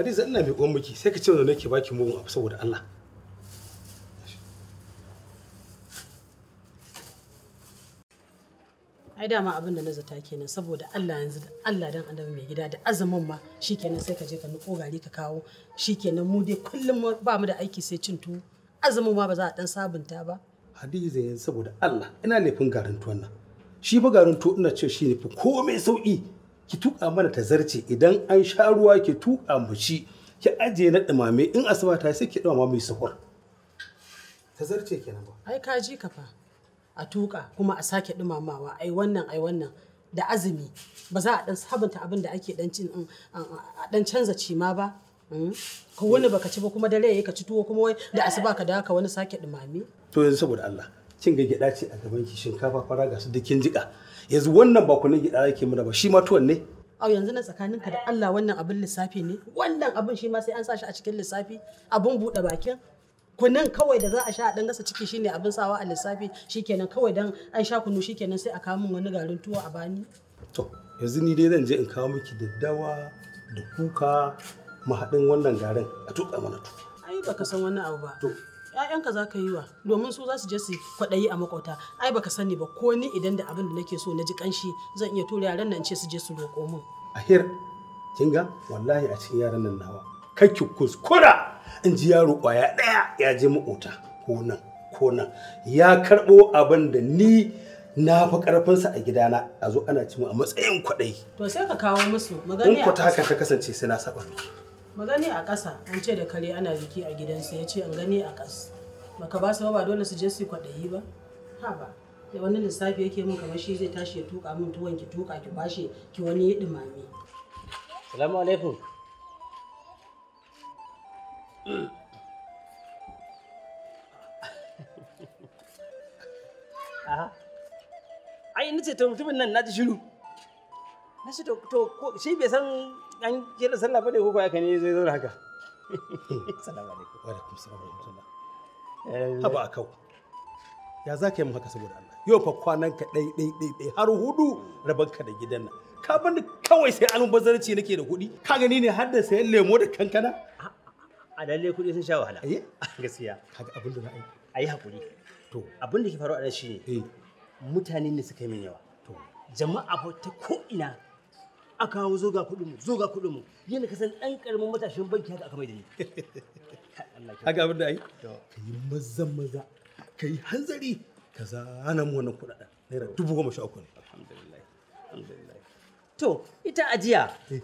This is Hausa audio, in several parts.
Hadiza ina mai uwan miki sai ka ce wanda nake baki mugun abu saboda Allah. Ai dama abin da na zata kenan saboda Allah yanzu da Allah dan annabi mai gida da azumin ma shikenan sai ka je ka niko gari ka kawo shikenan mu dai kullum ba mu da aiki sai cin tu azumin ma ba za a dan sabunta ba. Hadiza yanzu saboda Allah ina nufin garin tuwon nan. Shi ba garin tuwo ina ce shi ne komai sauki ki tuƙa mana ta zarce idan an sha ruwa ki tuƙa mu shi ki ajiye na ɗumame in asuba ta sai ki ɗumama mai sukur ta zarce kenan ba ai ka ji ka fa a tuƙa kuma a sake ɗumamawa ai wannan ai wannan da azumi ba za a ɗan sabunta abin da ake ɗan cin um, um, um, a ɗan canza cima hmm? ba ka wani baka ci ba kuma dare ya ka ci tuwo kuma wai da asuba ka dawo ka wani sake ɗumame to yanzu saboda Allah cin gaggada ce a gaban ki shinkafa fara ga su dukin yanzu wannan ba kunin gida yake muna ba shi ma tuwon ne au yanzu na tsakaninka da Allah wannan abin lissafi ne wannan abin shi ma sai an sa shi a cikin lissafi abin buɗe bakin kunun kawai da za a sha a dan gasa ciki shine abin sawa a lissafi shikenan kawai dan an sha kunu shikenan sai a kawo min wani garin tuwo a bani to yanzu ni dai zan je in kawo miki daddawa da kuka mu haɗin wannan garin a tuka mana tuwo ai baka san wani abu ba to 'ya'yanka za ka yi wa domin su za su je su kwaɗayi a makwauta ai baka sani ba ko ni idan da abin da nake so na ji kanshi zan iya tura yaran nan ce su je su roƙo min ahir kin ga wallahi a cikin yaran nan nawa kake kuskura in ji yaro ƙwaya ɗaya ya je makwauta ko nan ko nan ya karɓo abin da ni na fi a gidana a zo ana cimu a matsayin kwaɗayi to sai ka kawo musu magana in ku ta haka kasance sai na saba miki magani a ƙasa an ce da kare ana riki a gidansu ya ce an gani a ƙasa baka ba su ba dole su je su kwaɗayi ba ha ba da wani lissafi yake min kamar shi zai tashi ya tuka min tuwon ki tuka ki bashi ki wani ya dumame salamu alaikum ai ni ce ta mutumin nan na ji shiru na shi to ko shi bai san an kira sallah ba ne ko haka ne zai zauna haka salamu alaikum wa alaikum salam eh, haba akau ya za ka yi haka saboda Allah yau fa kwanan ka ɗai ɗai ɗai ɗai har hudu raban ka da gidan nan ka bani kawai sai almubazarci nake da kuɗi ka gani ne har da sayan lemo da kankana a lalle kuɗi sun sha wahala eh? gaskiya kaga abin da za a yi hakuri to abin da ke faru a nan shine eh. mutane ne suka yi min yawa to jama'a ta ko ina a kawo zo ga kuɗin mu zo ga kuɗin mu yadda ka san ɗan ƙaramin matashin banki haka aka mai da ni haka abin da ai ka yi maza maza ka yi hanzari ka zana mu wannan kuɗaɗa naira dubu goma sha uku ne alhamdulillah alhamdulillah to ita ajiya eh.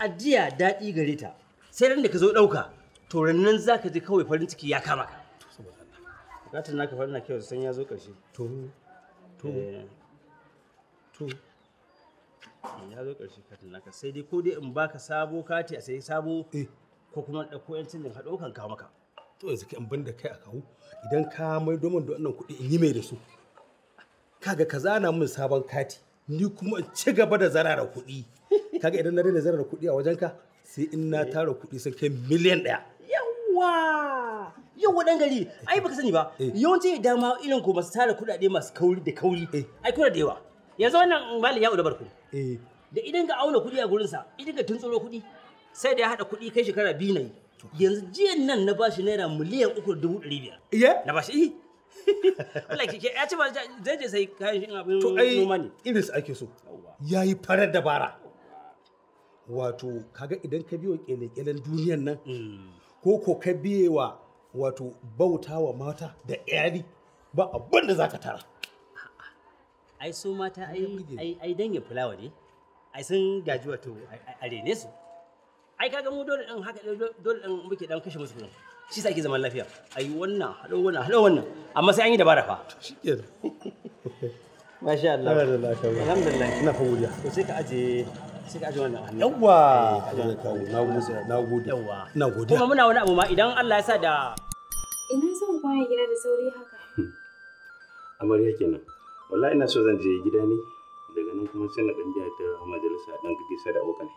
ajiya daɗi gare ta sai ran da ka zo ɗauka to rannan za ka je kawai farin ciki ya kama ka bukatar naka farin na kyau san ya zo ƙarshe to to eh. to Eh, ya zo ƙarshe katin naka sai dai ko dai in baka sabo kati a sai sabo eh. ko kuma ɗauko yancin da ka kan kawo maka to yanzu kai in ban da kai a kawo idan ka mai domin da wannan kuɗi in yi mai da su kaga ka zana min sabon kati ni kuma in ci gaba da zarara kuɗi kaga idan na daina zarara kuɗi a wajen ka sai in na eh. tara kuɗi sun kai miliyan ɗaya yawa yau wadan gari ai baka sani ba yawanci dama irin ko masu tara kuɗaɗe masu kauri da kauri ai kuna da yawa yanzu wannan mali ya udabar ku Eh. da idan ga auna kuɗi a gurinsa idan ga tun tsoro kuɗi sai da ya haɗa kuɗi kai shekara biyu na yi yanzu jiyan nan na bashi naira miliyan uku da dubu ɗari biyar iya na bashi iya eh. Allah ke ya ce ba zai je sai kayan shi abin noma ne to ai iris ake so yayi farar dabara wato kaga idan ka biyo kyalekyalen duniyan nan mm. ko ko ka biye wa wato bautawa mata da iyali ba abin da zaka tara ai su mata ai dangin fulawa ne ai sun gaji wato a rene su ai kaga mu dole din haka dole din muke dan kashe musu kudin shi sa ake zaman lafiya ai wannan hado wannan hado wannan amma sai an yi dabara fa shikenan masha Allah alhamdulillah ina fa to sai ka aje sai ka aje wannan hannu yawa eh, na gode na gode yawa na gode kuma muna wani abu ma idan Allah ya sa da ina son kwaya gida da sauri haka hmm. amarya kenan wallahi ina so zan je gida ne daga nan kuma sai na dan biya ta majalisa dan gidisa da abokan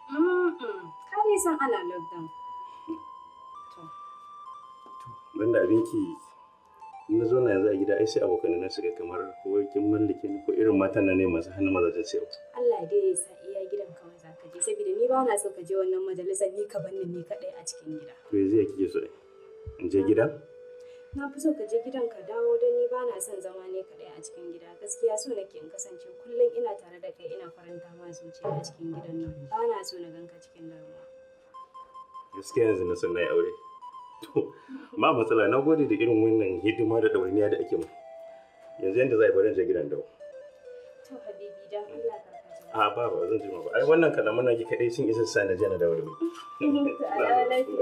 ka dai san ana lockdown banda abinki na zo na yanzu a gida ai sai abokan na shiga kamar ko kin mallake ko irin matan na ne masu hannun mazajen sayo Allah dai ya sa iya gidan kawai za ka je saboda ni ba na so ka je wannan majalisa ni ka banni ni kadai a cikin gida to yanzu ya kike so in je gida na fi so ka je gidan ka dawo don ni ba na son zama ne kaɗai a cikin gida gaskiya so nake in kasance kullum ina tare da kai ina faranta ma zuciya a cikin gidan nan ba na so na ganka cikin damuwa gaskiya yanzu na san na yi aure to ma matsala na gode da irin wannan hidima da ɗawainiya da ake mun yanzu yanda za a yi bari je gidan dawo to habibi dan Allah ka a ba ba zan ji ma ba ai wannan kalaman naki kaɗai sun isa sa na je na dawo da mu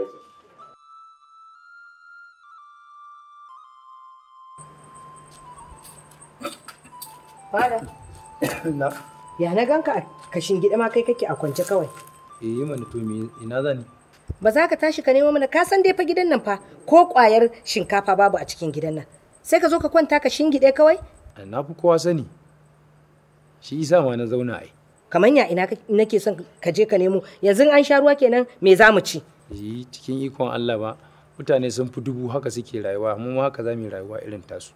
Fada. Na. Ya na ganka a kashin gida ma kai kake a kwance kawai. Eh mana to ina zan? Ba za ka tashi ka nemo mana ka san dai fa gidan nan fa ko kwayar shinkafa babu a cikin gidan nan. Sai ka zo ka kwanta ka shingide kawai? Eh, na fi kowa sani. Shi isa ma na zauna ai. Kamar ya ina nake son ka je ka nemo yanzu an sha ruwa kenan me za mu ci? Yi cikin ikon Allah ba mutane sun fi dubu haka suke rayuwa mu ma haka za mu rayuwa irin tasu.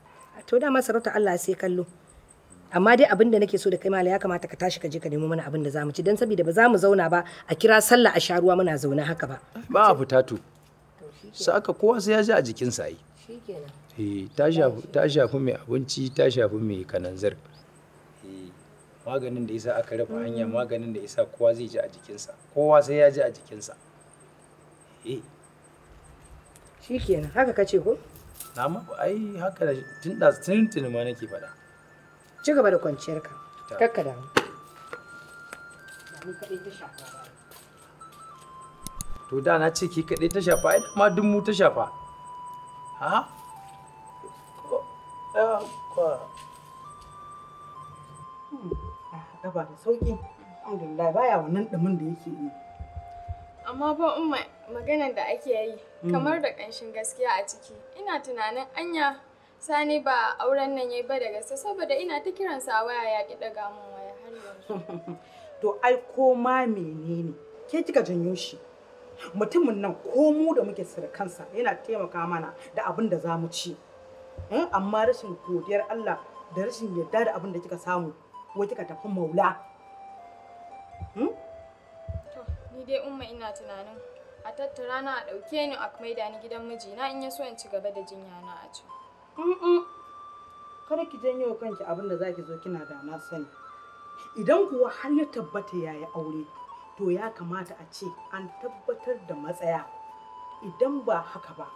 To dama sarauta Allah sai kallo. amma dai abin da nake so da kai mala ya kamata ka tashi ka je ka nemo mana abin da za mu ci dan saboda ba za mu zauna ba a kira sallah a sha ruwa muna zaune haka ba ba a fita to sai aka kowa sai ya ji a jikin sa yi ta shafi mai abinci ta shafi mai kananzir eh, maganin da isa aka rufe hanya maganin da isa kowa zai ji a jikinsa kowa sai ya ji a jikinsa eh. shi kenan haka kace ko na ai haka tun tun ma nake faɗa ci gaba da kwanciyarka kakka da to da na ce ki kaɗai ta shafa ai ma duk mu ta shafa ha ba hmm, da da da ake yi hmm. kamar da ƙanshin gaskiya a ciki ina tunanin anya Sani ba auren nan yayi ba da gaske saboda ina ta kiran sa waya ya ki daga mun waya har yanzu. To ai ko ma menene ke kika janyo shi? Mutumin nan ko mu da muke kansa yana taimaka mana da abin da za mu ci. Eh, amma rashin godiyar Allah da rashin yarda da abin da kika samu wai kika tafi maula. Hmm? To ni dai umma ina tunanin a tattara na a ɗauke ni a maida ni gidan mijina in ya so in ci gaba da jinya na a can. kada ki janyo wa kanki abin da zaki zo kina da na sani idan kuwa har ya tabbata yayi aure to ya kamata a ce an tabbatar da matsaya idan ba haka ba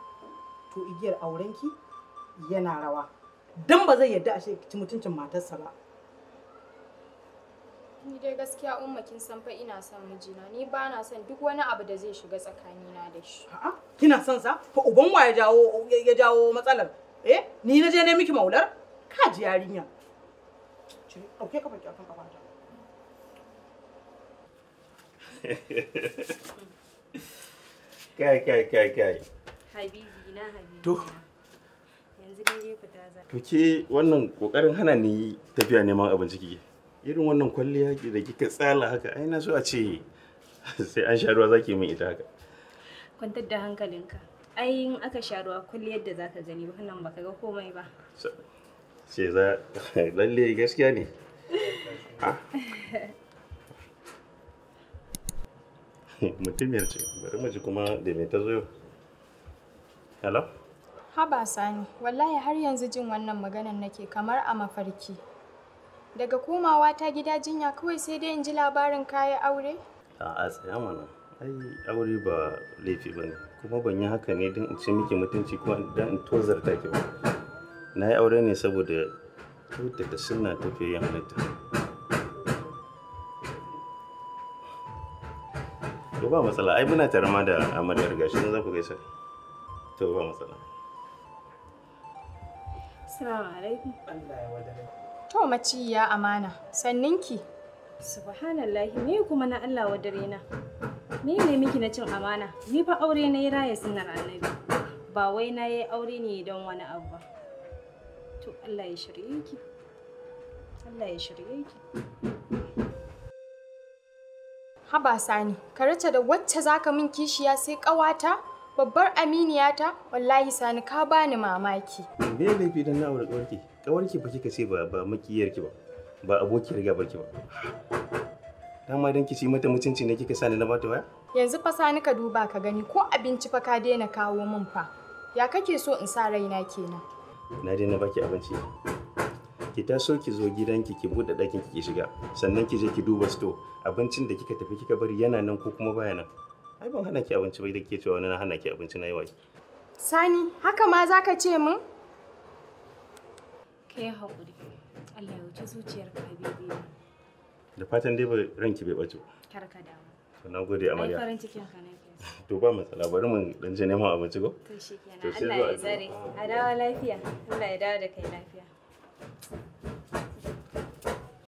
to igiyar aurenki yana rawa dan ba zai yadda a ce ki mutuncin matarsa ba ni dai gaskiya umma kin san fa ina son mijina ni ba na son duk wani abu da zai shiga tsakanina da shi a'a kina son sa fa uban wa ya jawo ya jawo matsalar eh ni na je ne miki maular ka ji yarinya dauke ka baki akan kafa kai kai kai kai habibi na habibi to yanzu dai ne fita za to ke wannan kokarin hana ni tafiya neman abinci kike irin wannan kwalliya da kika tsala haka ai na so a ce sai an sha ruwa zaki min ita haka kwantar da hankalinka ai in aka sha ruwa kulli yadda za ta gani nan baka ga komai ba ce za lalle gaskiya ne mutum ya ce bari mu ji kuma da me ta zo hello haba sani wallahi har yanzu jin wannan maganan nake kamar a mafarki daga komawa ta gida jinya kawai sai dai in ji labarin kayan aure a tsaya mana ai aure ba laifi ba ne kuma ban yi haka ne don in ci miki mutunci kuma don in tozarta ki ba na yi aure ne saboda kyauta da suna tafiye yin halitta to ba matsala ai muna tare ma da amaryar gashi za ku gaisa to ba matsala Assalamu alaikum. Allah ya wadare. To maciya amana, sanninki. Subhanallahi me kuma na Allah wadare na. Ni ne miki na cin amana, ni fa aure na yi raya sunan annabi, ba wai na yi aure ne don wani abu ba. To Allah ya shirye ki, Allah ya shirye ki. Haba Sani, ka rata da wacce zaka min kishiya sai ƙawata? Babbar aminiyata, wallahi Sani ka bani mamaki. Me fi dan na aure ƙawarki? Ƙawarki ba kika ce ba ba makiyarki ba, ba abokiyar gabarki ba. dama dan ki ci mata mutunci ne kika sani na bata waya yanzu fa sani ka duba ka gani ko abinci fa ka daina kawo min fa ya kake so in sa raina kenan na daina baki abinci ki taso ki zo gidanki ki bude ɗakin ki shiga sannan ki je ki duba sto abincin da kika tafi kika bari yana nan ko kuma baya nan ai ban hana ki abinci bai da ke cewa wani na hana ki abinci na yawa sani haka ma zaka ce min kai hakuri Allah ya wuce zuciyarka habibi da fatan dai ba ranki bai bace karka ka to na gode amarya farin cikin ka nake to ba matsala bari mu dan je neman abinci go to shikenan Allah ya zare a dawo lafiya Allah ya dawo da kai lafiya